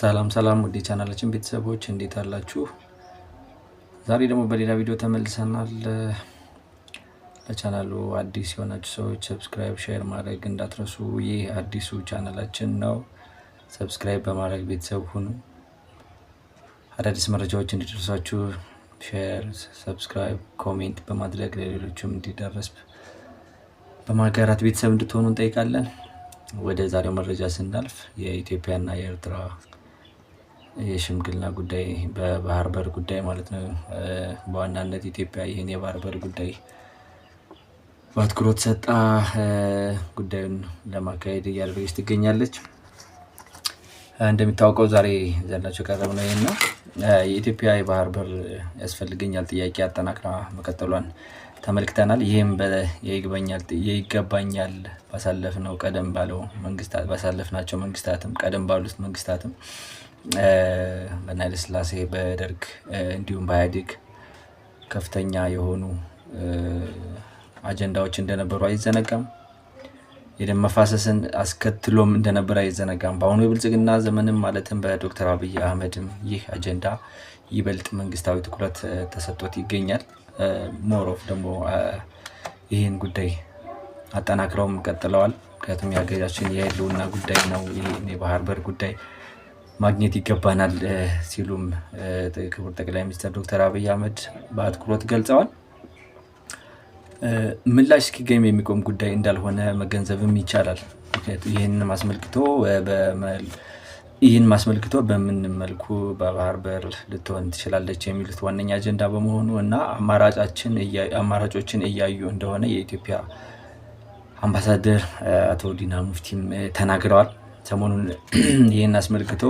ሰላም ሰላም ውዴ ቻናላችን ቤተሰቦች እንዴት አላችሁ? ዛሬ ደግሞ በሌላ ቪዲዮ ተመልሰናል። ለቻናሉ አዲስ የሆናችሁ ሰዎች ሰብስክራይብ፣ ሼር ማድረግ እንዳትረሱ። ይህ አዲሱ ቻናላችን ነው። ሰብስክራይብ በማድረግ ቤተሰብ ሁኑ። አዳዲስ መረጃዎች እንዲደርሳችሁ ሼር፣ ሰብስክራይብ፣ ኮሜንት በማድረግ ለሌሎችም እንዲደረስ በማጋራት ቤተሰብ እንድትሆኑ እንጠይቃለን። ወደ ዛሬው መረጃ ስናልፍ የኢትዮጵያና የኤርትራ የሽምግልና ጉዳይ በባህር በር ጉዳይ ማለት ነው። በዋናነት ኢትዮጵያ ይህን የባህር በር ጉዳይ በአትኩሮት ሰጣ ጉዳዩን ለማካሄድ እያደረገች ትገኛለች። እንደሚታወቀው ዛሬ ዘላቸው ቀረብ ነው። ይህና የኢትዮጵያ የባህር በር ያስፈልገኛል ጥያቄ አጠናክራ መቀጠሏን ተመልክተናል። ይህም የይገባኛል ባሳለፍ ነው ቀደም ባለው መንግስታት ባሳለፍ ናቸው መንግስታትም ቀደም ባሉት መንግስታትም በኃይለ ሥላሴ በደርግ እንዲሁም በኢህአዴግ ከፍተኛ የሆኑ አጀንዳዎች እንደነበሩ አይዘነጋም። የደም መፋሰስን አስከትሎም እንደነበረ አይዘነጋም። በአሁኑ የብልጽግና ዘመንም ማለትም በዶክተር አብይ አህመድም ይህ አጀንዳ ይበልጥ መንግስታዊ ትኩረት ተሰጥቶት ይገኛል። ሞሮፍ ደግሞ ይህን ጉዳይ አጠናክረውም ቀጥለዋል። ምክንያቱም የሀገራችን የህልውና ጉዳይ ነው። ይህ የባህር በር ጉዳይ ማግኘት ይገባናል ሲሉም ክቡር ጠቅላይ ሚኒስትር ዶክተር አብይ አህመድ በአትኩሮት ገልጸዋል። ምላሽ እስኪገኝ የሚቆም ጉዳይ እንዳልሆነ መገንዘብም ይቻላል። ምክንያቱም ይህንን ይህን ማስመልክቶ በምን መልኩ በባህር በር ልትሆን ትችላለች የሚሉት ዋነኛ አጀንዳ በመሆኑ እና አማራጮችን እያዩ እንደሆነ የኢትዮጵያ አምባሳደር አቶ ዲና ሙፍቲም ተናግረዋል። ሰሞኑን ይህን አስመልክቶ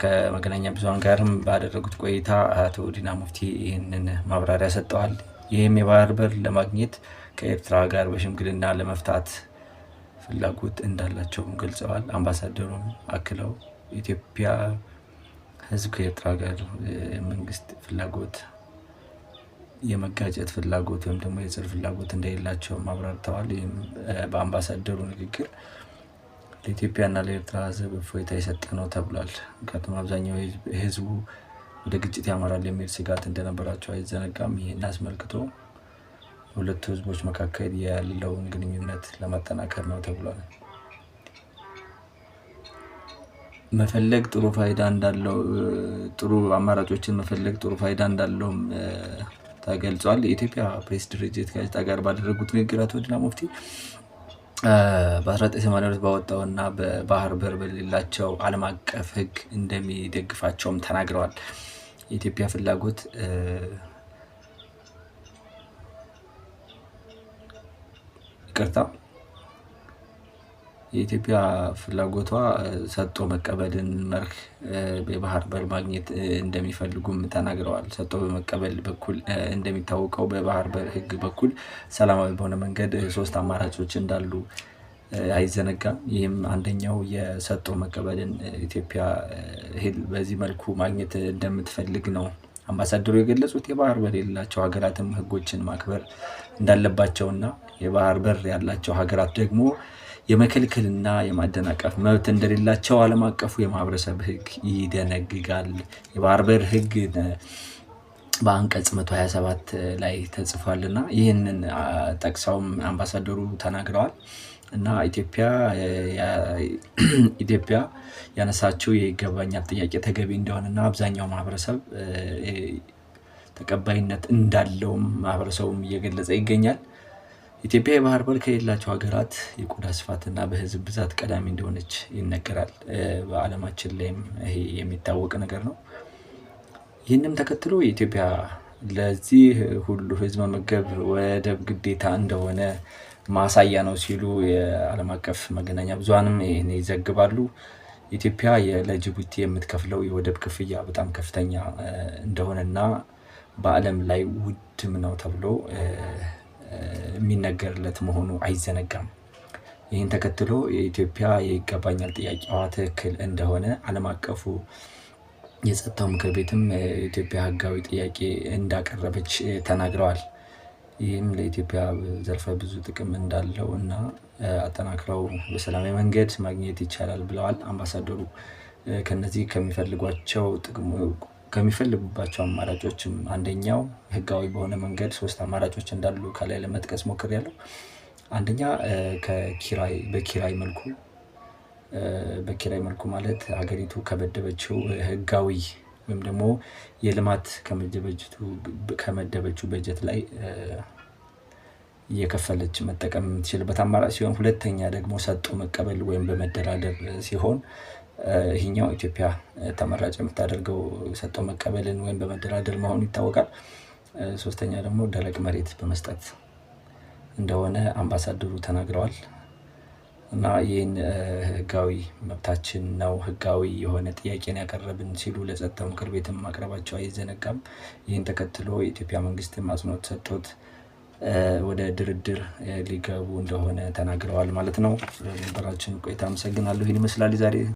ከመገናኛ ብዙሃን ጋርም ባደረጉት ቆይታ አቶ ዲና ሙፍቲ ይህንን ማብራሪያ ሰጠዋል። ይህም የባህር በር ለማግኘት ከኤርትራ ጋር በሽምግልና ለመፍታት ፍላጎት እንዳላቸውም ገልጸዋል። አምባሳደሩም አክለው ኢትዮጵያ ሕዝብ ከኤርትራ ጋር መንግስት ፍላጎት የመጋጨት ፍላጎት ወይም ደግሞ የጽር ፍላጎት እንደሌላቸውም አብራርተዋል። ይህም በአምባሳደሩ ንግግር ለኢትዮጵያና ለኤርትራ ህዝብ እፎይታ የሰጠ ነው ተብሏል። ምክንያቱም አብዛኛው ህዝቡ ወደ ግጭት ያመራል የሚል ስጋት እንደነበራቸው አይዘነጋም። ይህን አስመልክቶ ሁለቱ ህዝቦች መካከል ያለውን ግንኙነት ለማጠናከር ነው ተብሏል። መፈለግ ጥሩ ፋይዳ እንዳለው ጥሩ አማራጮችን መፈለግ ጥሩ ፋይዳ እንዳለውም ተገልጿል። የኢትዮጵያ ፕሬስ ድርጅት ጋዜጣ ጋር ባደረጉት ንግግር አቶ ዲና ሙፍቲ በ1982 እና በባህር በር በሌላቸው ዓለም አቀፍ ሕግ እንደሚደግፋቸውም ተናግረዋል። የኢትዮጵያ ፍላጎት ይቅርታ የኢትዮጵያ ፍላጎቷ ሰጥቶ መቀበልን መርህ የባህር በር ማግኘት እንደሚፈልጉም ተናግረዋል። ሰጥቶ በመቀበል በኩል እንደሚታወቀው በባህር በር ሕግ በኩል ሰላማዊ በሆነ መንገድ ሶስት አማራጮች እንዳሉ አይዘነጋም። ይህም አንደኛው የሰጥቶ መቀበልን ኢትዮጵያ ሂል በዚህ መልኩ ማግኘት እንደምትፈልግ ነው አምባሳደሩ የገለጹት። የባህር በር የሌላቸው ሀገራትም ህጎችን ማክበር እንዳለባቸውና የባህር በር ያላቸው ሀገራት ደግሞ የመከልከልና የማደናቀፍ መብት እንደሌላቸው ዓለም አቀፉ የማህበረሰብ ህግ ይደነግጋል። የባርበር ህግ በአንቀጽ 127 ላይ ተጽፏል እና ይህንን ጠቅሰውም አምባሳደሩ ተናግረዋል እና ኢትዮጵያ ያነሳችው የይገባኛል ጥያቄ ተገቢ እንደሆነና አብዛኛው ማህበረሰብ ተቀባይነት እንዳለውም ማህበረሰቡም እየገለጸ ይገኛል። ኢትዮጵያ የባህር በር ከሌላቸው ሀገራት የቆዳ ስፋትና በህዝብ ብዛት ቀዳሚ እንደሆነች ይነገራል። በዓለማችን ላይም ይሄ የሚታወቅ ነገር ነው። ይህንም ተከትሎ የኢትዮጵያ ለዚህ ሁሉ ህዝብ መመገብ ወደብ ግዴታ እንደሆነ ማሳያ ነው ሲሉ የዓለም አቀፍ መገናኛ ብዙሃንም ይህን ይዘግባሉ። ኢትዮጵያ ለጅቡቲ የምትከፍለው የወደብ ክፍያ በጣም ከፍተኛ እንደሆነና በዓለም ላይ ውድም ነው ተብሎ የሚነገርለት መሆኑ አይዘነጋም። ይህን ተከትሎ የኢትዮጵያ የይገባኛል ጥያቄዋ ትክክል እንደሆነ ዓለም አቀፉ የጸጥታው ምክር ቤትም ኢትዮጵያ ሕጋዊ ጥያቄ እንዳቀረበች ተናግረዋል። ይህም ለኢትዮጵያ ዘርፈ ብዙ ጥቅም እንዳለው እና አጠናክረው በሰላማዊ መንገድ ማግኘት ይቻላል ብለዋል አምባሳደሩ። ከነዚህ ከሚፈልጓቸው ከሚፈልጉባቸው አማራጮችም አንደኛው ህጋዊ በሆነ መንገድ ሶስት አማራጮች እንዳሉ ከላይ ለመጥቀስ ያለው አንደኛ በኪራይ መልኩ በኪራይ መልኩ ማለት ሀገሪቱ ከመደበችው ህጋዊ ወይም ደግሞ የልማት ከመደበችው በጀት ላይ እየከፈለች መጠቀም የምትችልበት አማራጭ ሲሆን፣ ሁለተኛ ደግሞ ሰጥቶ መቀበል ወይም በመደራደር ሲሆን ይሄኛው ኢትዮጵያ ተመራጭ የምታደርገው ሰጥቶ መቀበልን ወይም በመደራደር መሆኑ ይታወቃል። ሶስተኛ ደግሞ ደረቅ መሬት በመስጠት እንደሆነ አምባሳደሩ ተናግረዋል። እና ይህን ህጋዊ መብታችን ነው፣ ህጋዊ የሆነ ጥያቄን ያቀረብን ሲሉ ለጸጥታው ምክር ቤትም ማቅረባቸው አይዘነጋም። ይህን ተከትሎ የኢትዮጵያ መንግስትም አጽንኦት ሰጥቶት ወደ ድርድር ሊገቡ እንደሆነ ተናግረዋል ማለት ነው። በራችን ቆይታ አመሰግናለሁ። ይህን ይመስላል ዛሬ